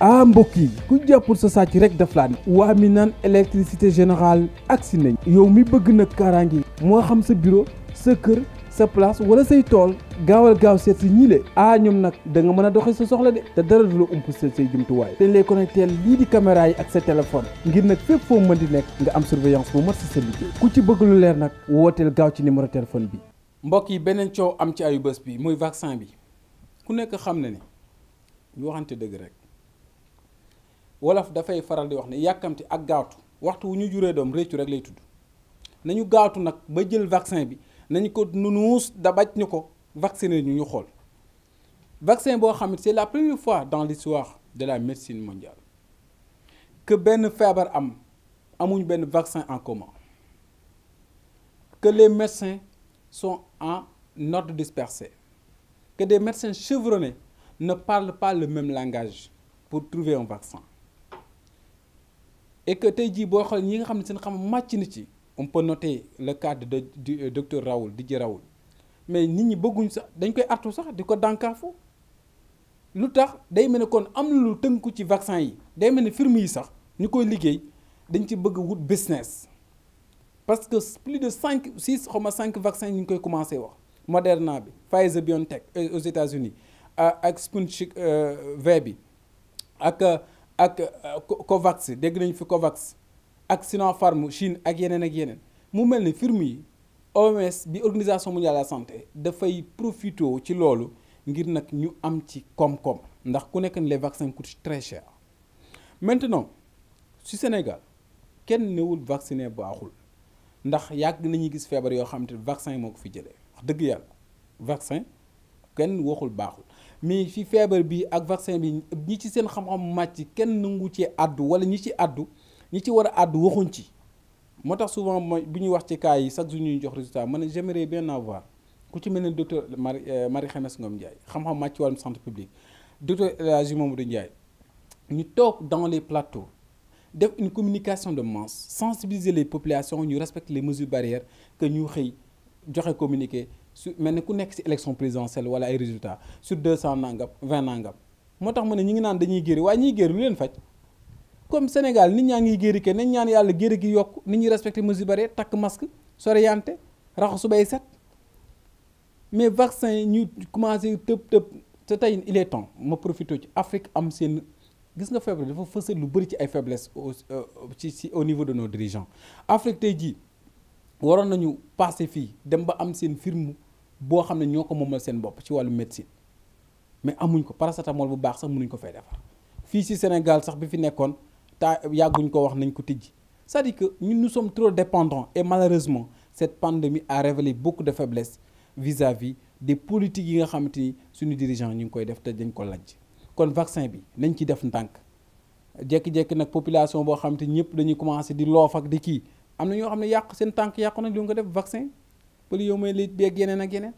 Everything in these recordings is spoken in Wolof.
ah mbokk yi ku jàppul sa sàcc rek daf laa ne waa mi naan électricité générale si nañ yow mi bëgg nag kaaraange moo xam sa bureau sa kër sa place wala say tool gaawal gaaw seet si ñi le ah ñoom nag da nga mën a doxee sa soxla de te dara du la umpaseel say jumtuwaay dañ lay connecté lii di caméra yi ak sa téléphone ngir nag fépp foo mën di nekk nga am surveillance bu mat si sa liggéey ku ci bëgg lu leer nag wooteel gaaw ci numéro téléphone bi. mbokk yi beneen coow am ci ayu bés bi muy vaccin bi ku nekk xam na ne ñu waxante dëgg wolof dafay faral di wax ni yàkkamti ak gaatu waxtu wu ñu juree doom réccu rek lay tudd nañu gaatu nag ba jël vaccin bi nañu ko nunuus dabaj ñu ko vacciner ñu ñu xool vaccin boo xam ne c'est la première fois dans l'histoire de la médecine mondiale que benn feebar am amuñ benn vaccin en commun que les médecins sont en ordre dispersé que des médecins chevronnés na parlent pas le même langage pour trouver un vaccin et que tey jii boo ñi nga xam ne seen xam màcc na ci on peut noter le cas de du euh, docteur Raoul Didier mais nit ñi bëgguñ sax dañ koy artu sax di ko dànkaafu lu tax day mel ne kon am na lu tënku ci vaccin yi day mel ne firme yi sax ñu koy liggéey dañ ci bëgg wut business parce que plus de cinq six xaw ma cinq vaccin ñu ngi koy commencé wax Moderna bi Pfizer BioNTech euh, aux États-Unis euh, ak Sputnik V bi ak. ak euh, COVAX dégg nañu fi COVAX ak Sinopharm Chine ak yeneen ak yeneen mu mel ni firme yi OMS bi organisation mondiale de la santé dafay profité ci loolu ngir nag ñu am ci koom-koom ndax ku nekk ni les vaccins coûtent très cher maintenant ci Sénégal kenn newul vacciné baaxul ndax yàgg nañuy gis feebar yoo xam te vaccin moo ko fi jëlee wax dëgg yàlla vaccin kenn waxul baaxul mais fi feebar bi ak vaccin bi ñi ci seen xam-xam màcc kenn nangu ci àddu wala ñi ci àddu ñi ci war a àddu waxuñ ci moo tax souvent mooy bu ñuy wax ci cas yi chaque jour ñuy jox résultat man j'aimerais bien avoir ku ci mel ne docteur Marie euh, Marie Khemesse Ngom Ndiaye xam-xam màcc ci wàllum santé publique docteur El Hadji Mamadou Ndiaye ñu toog dans les plateaux def une communication de masse sensibiliser les populations ñu respecter les mesures barrières que ñu xëy joxe communiqué su mel ni ku nekk ci élection présidentielle wala ay résultat sur deux cent nangam vingt nangam moo tax ma ne ñi ngi naan dañuy géeri waaye ñiy géeri lu leen faj comme Sénégal nit ñaa ngi géeri ke nañ ñaan yàlla géeri gi yokk nit ñi respecté mesures barrières takk masque soreyante raxasu bay set mais vaccin yi ñu commencé tëb tëb te tey il est temps ma profité ci Afrique am seen gis nga faible dafa fësal lu bëri ci ay faiblesse euh, ci ci au niveau de no dirigeants Afrique tey jii waroon nañu passé fii dem ba am seen firme boo xam ne ñoo ko moomal seen bopp ci wàllu médecine mais amuñ ko paracetamol bu baax sax mënuñ ko fee defar fii si Sénégal sax bi fi nekkoon taa yàgguñ ko wax nañ ko tijji c'est-à-dire que ñun nous sommes trop dépendants et malheureusement cette pandémie a révélé beaucoup de faiblesses vis-à-vis des politiques yi nga xamante ni suñu dirigeants ñu ngi koy def te dañ ko lajj kon vaccin bi nañ ci def ndànk jekki jekki nag population boo xamante ni ñëpp dañuy commencer di loof ak di kii am na ñoo xam ne yàq seen tànk yàqu nañ li nga ko def vaccin pël yow may lit beeg yeneen ak yeneen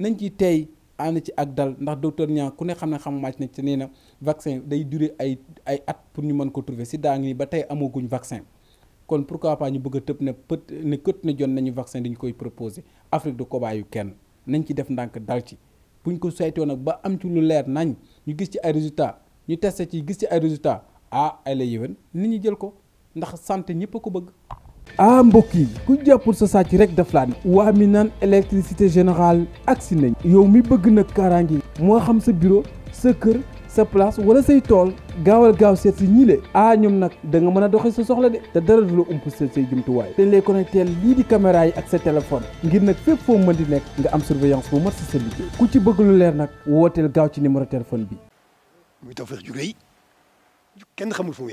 nañ ci tey na ci ak dal ndax docteur ñaa ku ne xam ne xam màcc na ci nee na vaccin day durer ay ay at pour ñu mën ko trouver si daa nii ba tey amaguñ vaccin kon pour pas ñu bëgg tëb ne pët ne kët ne jot nañu vaccin dañu koy proposé Afrique de kobaayu kenn nañ ci def ndànk dal ci bu buñ ko saytoo nag ba am ci lu leer nañ ñu gis ci ay résultat ñu testé ci gis ci ay résultat ah ay la yéwén nit ñi jël ko ndax santé ñëpp ko bëgg ah mbokk yi ku jàppul sa sàcc rek daf laa ne waa mi naan électricité générale agsi nañ yow mi bëgg nag kaaraange moo xam sa bureau sa kër sa place wala say tool gaawal gaaw seet si ñi le ah ñoom nag danga mën a doxee sa soxla de te dara du la ump seen say jumtuwaay dañ lay connecté lii di caméra yi ak sa téléphone ngir nag fépp foo mën di nekk nga am surveillance bu mat si sa liggéey ku ci bëgg lu leer nag wooteel gaaw ci numéro téléphone bi. muy Tawfekh ju rëy kenn xamul fu mu